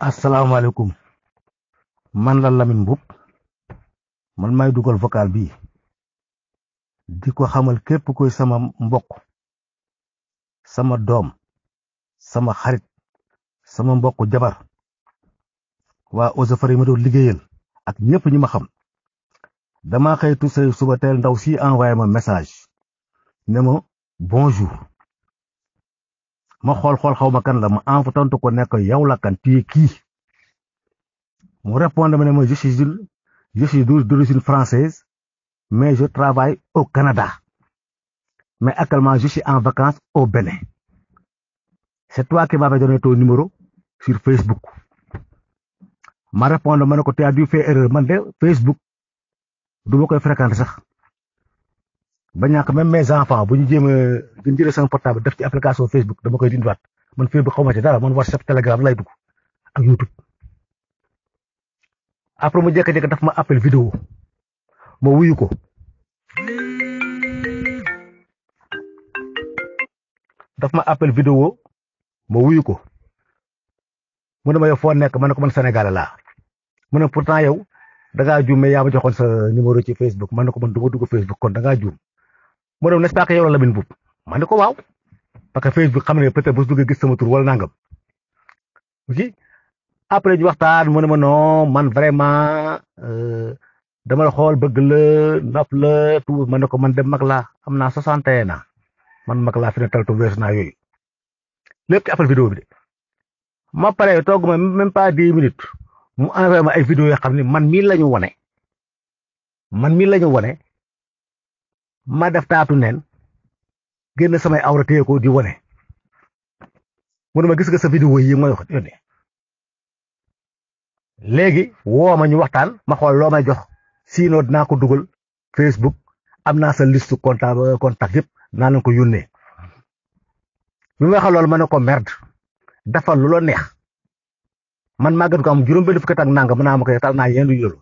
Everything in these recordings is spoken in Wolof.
asalaamaaleykum man la Lamine Mboup man may dugal vocal bi di ko xamal képp kuy sama mbokk sama doom sama xarit sama mbokk jabar waa eaux et forêts ma doon liggéeyal ak ñëpp ñi ma xam dama xëytu say suba teel ndaw si envoyé ma message ne ma bonjour ma xool xool xaw ma kan la ma enfa tontu ko nekk yow la kan tu es qui mu répondre ma ma je suis je suis d'origine française mais je travaille au Canada mais actuellement je suis en vacances au Bénin c'est toi qui m'avais donné ton numéro sur Facebook ma répondre ma ko tu as dû faire erreur man de Facebook du ma koy fréquenter sax ba ñàkk même mes enfants bu ñu jéem a bu ñu jëlee portable def ci application Facebook dama koy dindiwaat man Facebook xaw ma ci dara man WhatsApp Telegram lay dugg ak YouTube après mu jékki-jékki daf ma appel vidéo ma wuyu ko. daf ma appel vidéo ma ko mu ne ma yow foo nekk ma ne ko man Sénégal laa mu ne pourtant yow da ngaa juum mais yaa ma joxoon sa numéro ci Facebook man ne ko man du ma dugg Facebook kon da ngaa juum. mu ne nest yow la Lamine Mboup ma ne ko waaw parce que Facebook xam ne peut-être bu duggee gis sama tur wala nangam ok après ñu waxtaan mu ne ma noo man vraiment euh, dama la xool bëgg la ma ne ko man dem mag laa am naa soixante na man mag laa fi weesu naa yooyu lépp ci appel vidéo bi de ma pare toog ma même pas dix minutes mu envoyé ma ay vidéo yoo xam ni man mii la wane man mii la ñu wane. ma def taatu neen génn samay awra téye ko di wone mu gis nga sa vidéo yi mooy wax yónnee léegi woo ma ñu waxtaan ma xool loo may jox sinon dinaa ko dugal Facebook am naa sa liste contact euh, yépp naa leen ko yónnee bi ma waxee loolu ma ne ko merde dafa lu la neex man màggat ko am juróom benn fukki at ak nangam mën naa ma koy tal naa yendu yóolu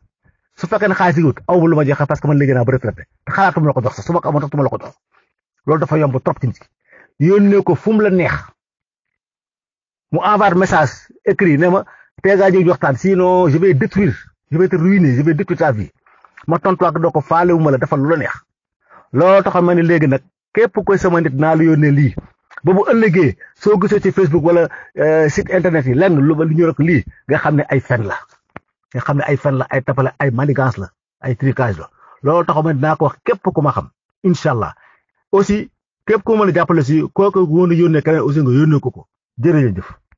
su fekkee ne xaalis yi wut aw ma lu parce que man léegi bu ba retraité te xalaatuma la ko jox sax su ma ko amoon sax ma la dafa yomb trop ci nit ko fum la neex mu envoyer message écrit nema ma djé ngaa sino je vais détruire je vais te ruiner je vais détruire ta vie ma tontuwaat ak doko faalewu la dafa lula neex lolou taxoon man ne nak nag képp koy sama nit na la yónnee li ba bu ëllëgé so gëssé ci Facebook wala site internet yi lenn lu ñu rek li nga xamné ay fenn la. te xam ne ay fan la ay tapale ay manigance la ay tricage la loolu taxaw ma dinaa ko wax képp ku ma xam incha allah aussi képp ku ma mën jàppale si kooku woon na yónnee keneen aussi nga yónnee ko ko jërëjëf.